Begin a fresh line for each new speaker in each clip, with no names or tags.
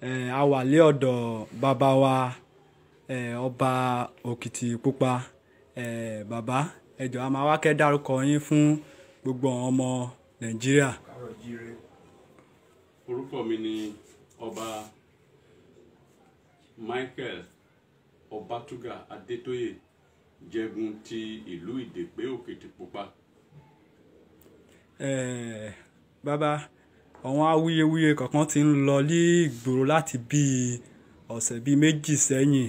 Eh, a wà lé bàbá wa eh, ọba Òkìtìpupa eh, bàbá ẹ jọ̀ọ́ a máa wá kẹ́ dárúkọ yín fún gbogbo àwọn ọmọ Nàìjíríà.
orúkọ mi ni ọba Michael Ọbátúgà Adétóyè. jẹgun ti ìlú ìdèpé òkìtìpupa.
ẹẹ bàbá àwọn awuyewuye kọ̀ọ̀kan ti ń lọ ní ìgboro láti bíi ọ̀sẹ̀ bíi méjì sẹ́yìn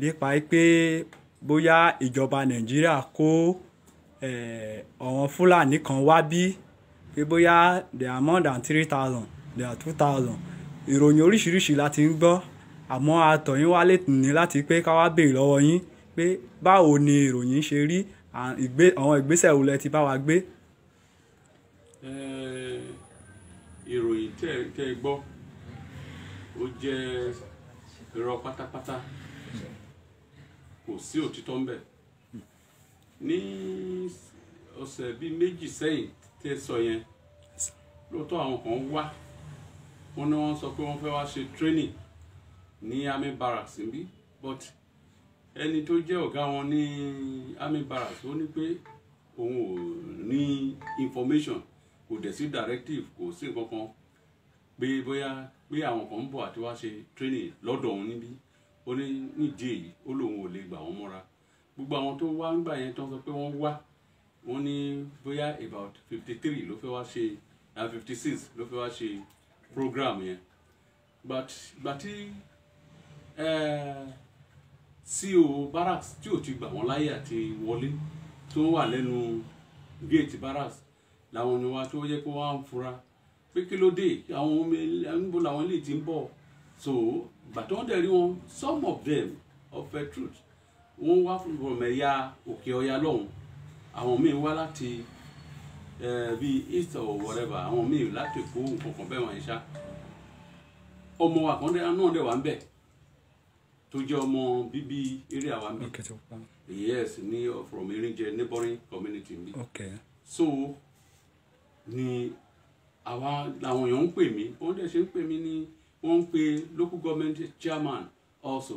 nípa pé bóyá ìjọba nàìjíríà kó àwọn fúlàní kan wá bí pé bóyá there are more than three thousand there are two thousand ìròyìn oríṣiríṣi la ti ń gbọ́ àmọ́ àtọ̀yìn wá lè ní láti pé ká wá lọ́wọ́ yín pé báwo ni ìròyìn ṣe rí àwọn ìgbésẹ̀ wo lẹ ti bá wa gbé.
ìròyìn tẹ́ ẹ gbọ́ ó jẹ́ irọ́ pátápátá kò sí òtítọ́ ń bẹ ní ọ̀sẹ̀ bíi méjì sẹ́yìn tẹ́ sọ yẹn lóòótọ́ àwọn kan wá wọn ni wọ́n sọ pé wọ́n fẹ́ wá ṣe training ní army barracks níbí but ẹni tó jẹ́ ọ̀gá wọn ní army barracks ó ní pé òun ò ní information kò dẹ̀ sí directive kò sí nǹkan kan pé bóyá pé àwọn kan ń bọ̀ àti wá ṣe training lọ́dọ̀ òun níbí ó ní nídìí èyí ó lóun ò lè gbà wọ́n mọ́ra gbogbo àwọn tó wá ń gbà yẹn tán sọ pé wọ́n wá wọ́n ní bóyá about fifty three ló fẹ́ wá ṣe fifty six ló fẹ́ wá ṣe program yẹn but gbàtí. Uh, CEO barracks tí ò ti gbà wọ́n láyè àti wọlé tó wà lẹ́nu gate barracks làwọn ni wa tó yẹ kó wá ń fura pé kí ló dé àwọn ọmọ níbo làwọn lè ti ń bọ̀ so gbàtọ́ dẹ̀ rí wọn some of them of a truth wọ́n wá from ẹ̀yà òkè ọya lọ́hùn àwọn míì wá láti bíi east or whatever àwọn míì láti kó nǹkan kan bẹ́ẹ̀ wọ̀nyí ṣá ọmọ wa kan náà dẹ̀ wà ń bẹ̀ tó jẹ́ ọmọ bíbí eré àwa mi yes ní uh, from erinjẹ neighboring community mi so ni àwa làwọn èèyàn ń pè mí wọ́n dẹ̀ ṣe ń pè mí ní wọ́n ń pe local government chairman also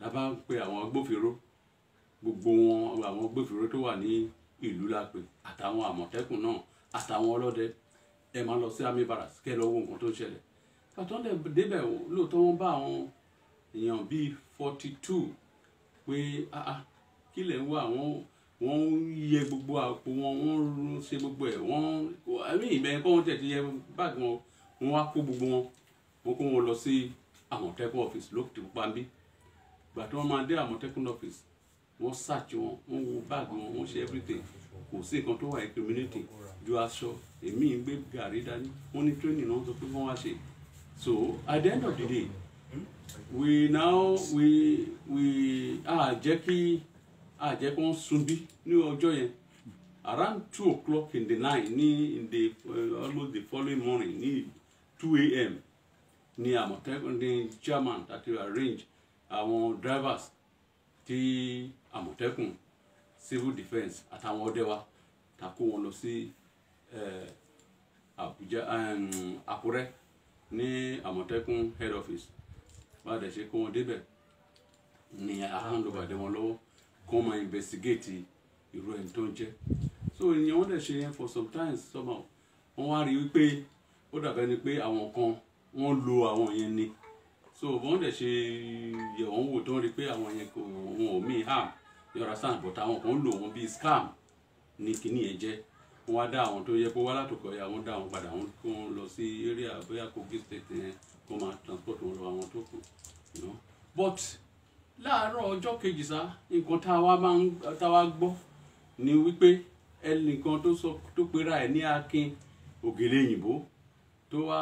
la bá ń pe àwọn agbófinró gbogbo wọn àwọn agbófinró tó wà ní ìlú la pè àtàwọn àmọ̀tẹ́kùn náà àtàwọn ọlọ́dẹ ẹ máa lọ sí amibara kẹ́ ẹ lọ wo nǹkan tó ń ṣẹlẹ̀ pàtó débẹ̀ lóòótọ́ wọn bá àwọn èèyàn bíi forty two pé ah, ah, kí lè ń wá àwọn wọ́n ń yẹ gbogbo àpò wọn wọ́n ń ṣe gbogbo ẹ̀ wọ́n ẹ̀mí ìbẹ̀rẹ̀ kọ́ wọn tẹ̀sí yẹ báàgì wọn wọ́n wá kó gbogbo wọn wọ́n kó wọn lọ sí àmọ̀tẹ́kùn ọ́fíìsì lókùtì pàmbí gbà tí wọ́n máa dé àmọ̀tẹ́kùn ọ́fíìsì wọ́n ṣàtì wọn wọ́n wo báàgì wọn wọ́n ṣe everything kò sí nǹkan tó wà incriminate ju aṣọ èmi ń gbé gàrí dání wọ́n ní training náà sọ pé wọ́n wá ṣe so at the end of the day we now we we a jẹ́ ah a jẹ́ kí wọ́n sunbí ní ọjọ́ yẹn around two o'clock in the night ní in the uh, almost the following morning ní two a.m. ní àmọ̀tẹ́kùn ní German àti arrange àwọn drivers ti àmọ̀tẹ́kùn civil defence àtàwọn ọdẹ wa ta kó wọn lọ sí Àbújá eh, Àkúrẹ́ ní àmọ̀tẹ́kùn head office bá dẹ̀ ṣe kó wọn débẹ̀ ni àhándọ̀bà wọn lọ́wọ́ kó máa investigate irú ẹni tó ń jẹ́ so ìyẹn wọ́n dẹ̀ ṣe yẹn for some times somehow wọ́n wá rí wípé ó dàbẹ́ ni pé àwọn kan wọ́n lo àwọn yẹn ni so wọ́n dẹ̀ ṣe yẹ̀ wọ́n wò tó ń rí pé àwọn yẹn kò wọn ò mí harm yọ̀rọ̀ sàn but àwọn kan lò wọ́n bíi scam ní kíní jẹ́ wọ́n á dá àwọn tó yẹ kó wá látòkọ̀ yà wọ́n dá àwọn padà wọ́n kó wọn lọ sí area bóyá Kogi state yẹn kó máa transport wọn lọ àwọn tó kù but láàárọ̀ ọjọ́ kejì sá nǹkan tá a wá máa ń tá a wá gbọ́ ni wípé ẹnìkan tó sọ tó pera ẹ̀ ní akin ògèlè òyìnbó tó wá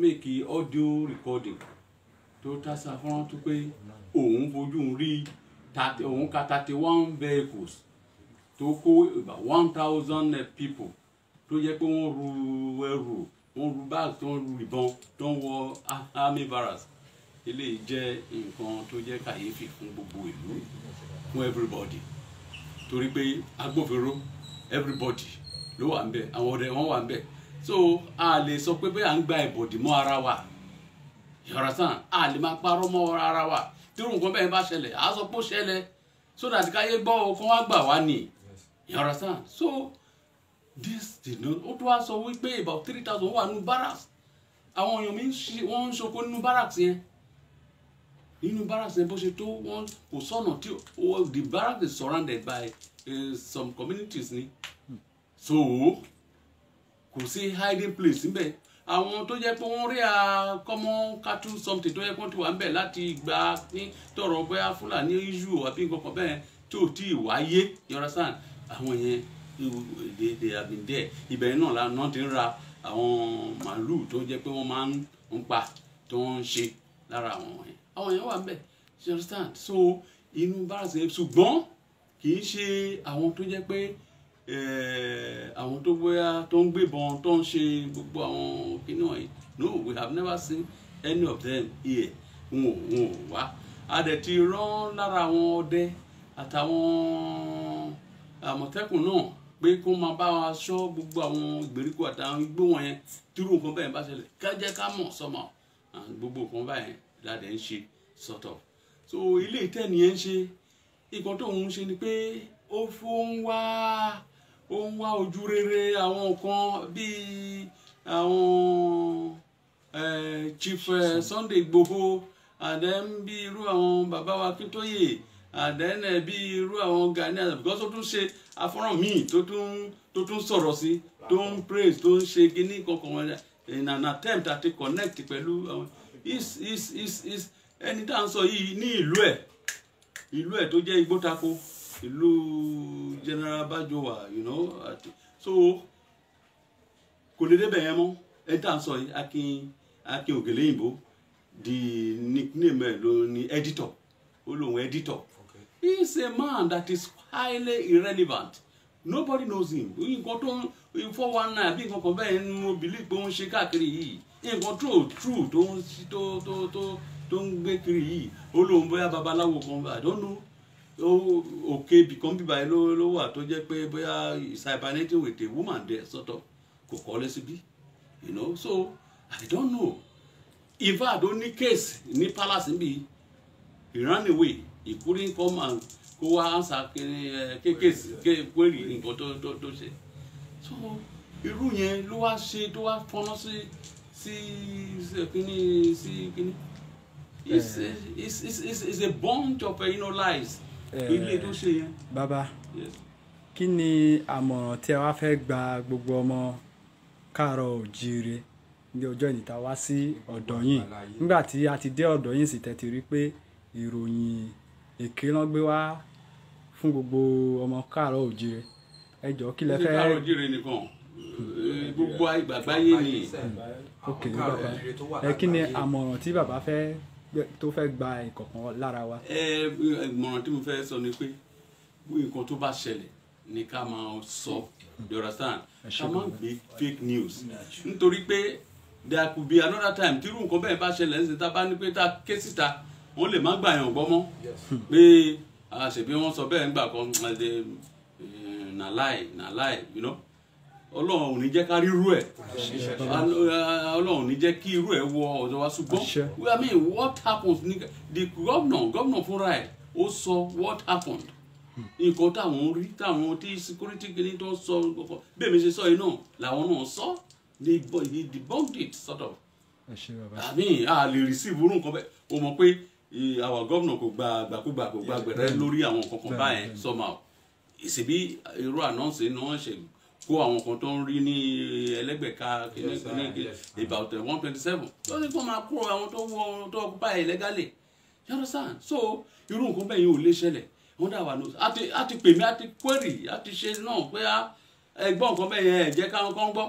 mèkì audio recording tó tásà fọ́nrán tó pé òun fojú rí òun ka thirty one vehicles tó kó one thousand eh, people tó yẹ pé wọ́n ru ẹrù wọ́n ru báàgì tó ń ru ìbọn tó ń wọ army barracks eléyìí jẹ́ nǹkan tó jẹ́ kàyéfì fún gbogbo ìlú fún everybody torí pé agbófinró everybody ló wà ń bẹ àwọn ọdẹ wọn wà ń bẹ so a lè sọ pé bẹ́ẹ̀ à ń gba ìbọ̀dì mọ́ ara wa yọ̀rọ̀sán a lè máa parọ́ mọ́ ara wa tí irú nǹkan bẹ́ẹ̀ bá ṣẹlẹ̀ àá sọ pé ó ṣẹlẹ̀ sódà tí káyé gbọ́ ọkàn wá gbà wá nìyí you understand so this did not ó tún wá sọ wípé about three thousand wà nínú barracks àwọn èèyàn mi ń ṣe wọ́n ń ṣoko nínú barracks yẹn nínú barracks yẹn bó ṣe tó wọ́n kò sọ̀nà tí the barracks is surrounded by uh, some communities ni so kò sí hiding place níbẹ̀ àwọn tó jẹ́ pé wọ́n rí a common cattle something tó yẹ kó ti wà níbẹ̀ láti gba ní tọrọ bóyá fúlàní issue àbí nǹkan kan bẹ́ẹ̀ tí ò tí ì wáyé you understand àwọn yẹn they have been there ìbẹ̀rẹ̀ náà lànà ti ń ra àwọn màálù tó jẹ́ pé wọ́n máa ń pa tó ń ṣe lára àwọn yẹn àwọn yẹn wà níbẹ̀ you understand so inú bárasẹ̀ ṣùgbọ́n kì í ṣe àwọn tó jẹ́ pé àwọn tó bóyá tó ń gbébọn tó ń ṣe gbogbo àwọn kìnìún yìí no we have never seen any of them here wọn ò wọn ò wá a dẹ̀ ti rán lára àwọn ọdẹ àtàwọn àmọ̀tẹ́kùn náà pé kó máa bá wa ṣọ́ gbogbo àwọn ìgbèríko àtàwọn igbó wọn yẹn tírú nǹkan bẹ́ẹ̀ bá ṣẹlẹ̀ ká jẹ́ ká mọ̀ sọ́mọ gbogbo nǹkan báyẹn ládẹ̀ ń ṣe sọ́tọ̀ so ilé ìtẹ́ni yẹn ń ṣe nǹkan tó ń ṣe ni pé ó fún wá ó ń wá ojú rere àwọn nǹkan bíi àwọn chief sunday igbòho àdẹ́ńbí irú àwọn bàbá wa kíntóyè and then eh, bí irú àwọn Gani because ó tún ṣe afọ́nrán míì tó tún tó tún sọ̀rọ̀ sí tó ń praise tó ń ṣe gíní kankan wọn eh, in an attempt àti connect pẹ̀lú àwọn is is is is ẹni tá à ń sọ yìí ní ìlú ẹ̀ ìlú ẹ̀ tó jẹ́ igbó tako ìlú general bajowa you know so kò lè débẹ̀ yẹn mọ́ ẹni tá à ń sọ yìí akin akin ògèlè yìnbó the nickname ẹ̀ ló ní editor ó lóun editor He is a man that is highly irrelevant. Nobody knows him. Nǹkan tó ń four one nine being nǹkan kan bẹ́ẹ̀ ń mo believe pé ó ń ṣe káàkiri yìí. true Don't ń to to tó tó ń gbé kiri yìí. Ó lóun I don't know. Òkè ibì kan bíbá yìí ló wà tó jẹ́ pé bóyá cybernetic with a woman there sọ́tọ̀ kò kọ́ lẹ́sibí. You know so I don't know. If I don't ní case ní palace níbí. He ran away he couldn't come and kó wá answer kékeré eh, nǹkan tó tó ṣe so irú yẹn ló wá ṣe tó wá fọnà sí sí kíní sí kíní it's eh. it's it's a bunch of eh, you know, lies ilé tó ṣe yẹn.
bàbá kí ni àmọ̀ràn tí a wá fẹ́ gba gbogbo ọmọ káàárọ̀ oòjíire ní ọjọ́ ìníta wá sí ọ̀dọ̀ yín nígbà tí a ti dé ọ̀dọ̀ yín sì tẹ́tí rí pé ìròyìn èké náà gbé wá fún gbogbo ọmọ káàárọ̀ òjìrè ẹ jọ kí lẹ fẹ́. káàárọ̀
òjìrè nìkan gbogbo àgbàgbáyé ni. ok ẹ kí ni
àmọ̀ràn tí bàbá fẹ́ tó fẹ́ gba ìkọ̀kan lára wa.
ẹ ìmọ̀ràn tí mo fẹ́ sọ ni pé nǹkan tó bá ṣẹlẹ̀ ni ká máa sọ you understand ká máa gbé fake news nítorí pé there could be another time tí irú nǹkan bẹ́ẹ̀ bá ṣẹlẹ̀ ń ṣe tá a bá ní pé tá a ké síta wọ́n lè má gbà yàn gbọ́ mọ́ pé àṣebí wọ́n sọ bẹ́ẹ̀ ńgbà kan eh, na lie na lie you know ọlọ́run ò ní jẹ́ ká rírú ẹ̀ ọlọ́run ò ní jẹ́ kí irú ẹ̀ wọ ọ̀dọ̀ wa ṣùgbọ́n i mean what happens? ni the governor governor fúnra ẹ̀ ó sọ what happened nǹkan táwọn rí táwọn tí security kìíní tó ń sọ gbọ̀gbọ̀ bẹ́ẹ̀ mi ṣe sọ yìí náà làwọn náà sọ they debunked it sort of
i mean
a lè receive irú nǹkan bẹ́ẹ̀ o mọ̀ pé Eh, our governor kò gba gbàkúgbà kò gba gbẹrẹ lórí àwọn nǹkan kan báyẹn somehow ìsìbí irú ànáǹsì ni wọ́n ṣe kó àwọn kan tó ń rí ní ẹlẹ́gbẹ̀ka kìnìkìnìkì about eh, one twenty seven tó ní kó máa kó àwọn tó wọ tó bá ẹ lẹ́gálẹ̀ you understand so irú nǹkan bẹ́ẹ̀ yóò lè ṣẹlẹ̀ wọ́n dà wà ní oṣù àti pèmí àti query àti ṣe náà pé ah, ẹgbọ́n nǹkan bẹ́ẹ̀ yẹn ẹ̀ jẹ́ káwọn kan gbọ́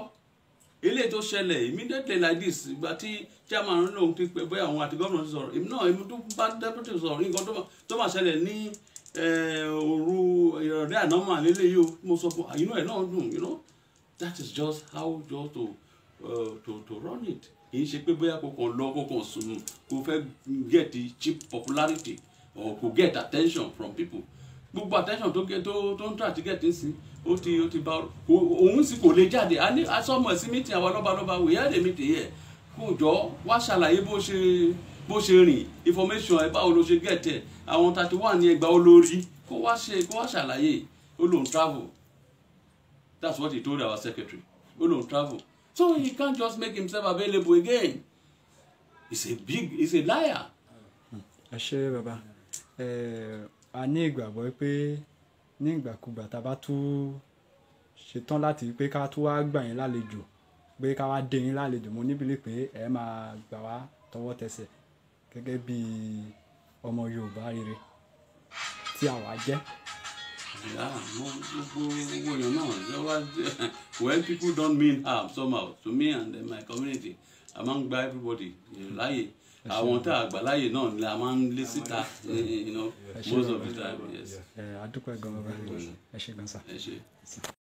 eléyìí tó ṣẹlẹ̀ immediately like this ìgbà tí chairman lòun ti pè bóyá òun àti gómìnà ti sọ̀rọ̀ èmi náà èmi tó bá deputy sọ̀rọ̀ nǹkan tó máa ṣẹlẹ̀ ní eh, òru ìrọ̀lẹ́ àná mà lélẹ́yìí o mo sọ fún inú ẹ̀ náà dùn you know that is just how just to uh, to to run it kì í ṣe pé bóyá kò kàn lọ kò kàn sùn kò fẹ́ get cheap popularity or kò get attention from people gbogbo attention tó gé tó tó ń tà tíkẹ́ẹ̀tì sí ó ti ó ti bá òun sì kò lè jáde a ní asọ́mọ̀ sí meeting àwa lọ́balọ́ba we had a meeting here kò jọ wá ṣàlàyé bó ṣe bó ṣe rìn information ẹ báwo ló ṣe gẹ̀tẹ̀ àwọn thirty one ní ẹgbàá olórí kó wá ṣe kó wá ṣàlàyé ó lòun travel that's what he told our secretary ó lòun travel so he can't just make himself available again he's a big he's a liar.
ẹ ṣe bàbá ẹ a ní ìgbàgbọ́ pé ní ìgbàkúgbà tá a bá tún ṣetán láti pé ká tún wá gbà yín lálejò pé ká wá dé yín lálejò mo níbìlì pé ẹ máa gbà wá tọwọ́ tẹsẹ̀ gẹ́gẹ́ bí ọmọ Yorùbá rere tí a wá jẹ́.
Ah, gbogbo gbogbo èèyàn náà lọ́wọ́ when people don't mean harm somehow to me and my community I man gba everybody láàyè. You know, àwọn tá a gbà láàyè náà ni a máa ń lé síta you know most of the time yes.
ẹ adúpẹ́ gan-an mm. ẹ ṣe gan-an sá.